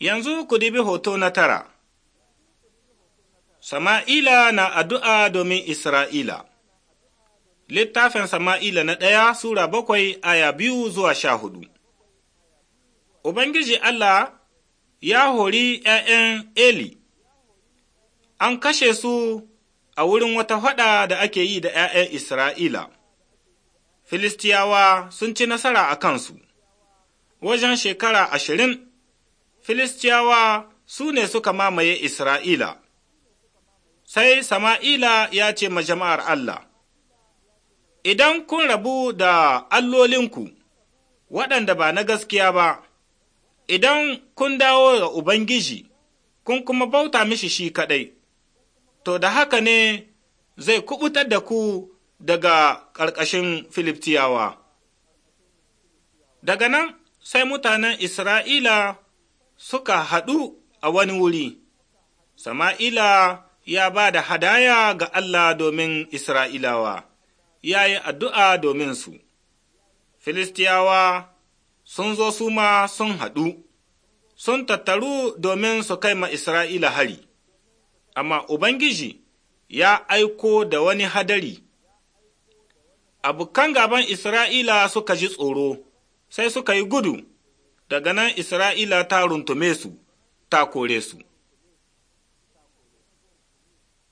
Yanzu ku dibi hoto na tara. Sama'ila na addu'a domin Isra'ila Littafin Sama'ila na ɗaya Sura bakwai aya biyu zuwa sha hudu Ubangiji Allah ya hori ’ya'yan Eli, an kashe su a wurin wata faɗa da ake yi da ’ya'yan Isra'ila. Filistiyawa sun ci nasara a kansu, wajen shekara ashirin Filistiyawa su ne suka mamaye Isra'ila. Sai Sama'ila ya ce ma jama'ar Allah, Idan kun rabu da allolinku waɗanda ba na gaskiya ba, idan kun dawo ga Ubangiji, kun kuma bauta mishi shi kaɗai, to da haka ne zai kubutar da ku daga ƙarƙashin filistiyawa Daga nan sai mutanen Isra'ila suka haɗu a wani wuri, Sama'ila ya ba da hadaya ga Allah domin Isra'ilawa, ya yi addu'a domin su. Filistiyawa sun zo su ma sun haɗu, sun tattaru domin su kai ma Isra'ila hari, amma Ubangiji ya aiko da wani hadari. Abukan gaban Isra'ila suka ji tsoro, sai suka yi gudu. daga nan Isra'ila ta runtume su, ta kore su.